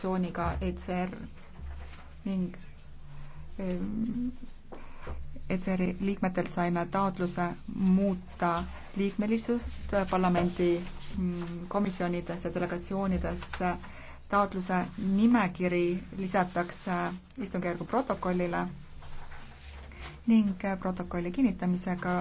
fraktsiooniga ECR ning ECR-i ehm, e liikmetelt saime taotluse muuta liikmelisust parlamendi mm, komisjonides ja delegatsioonides taotluse nimekiri lisatakse istungjärgu protokollile ning protokolli kinnitamisega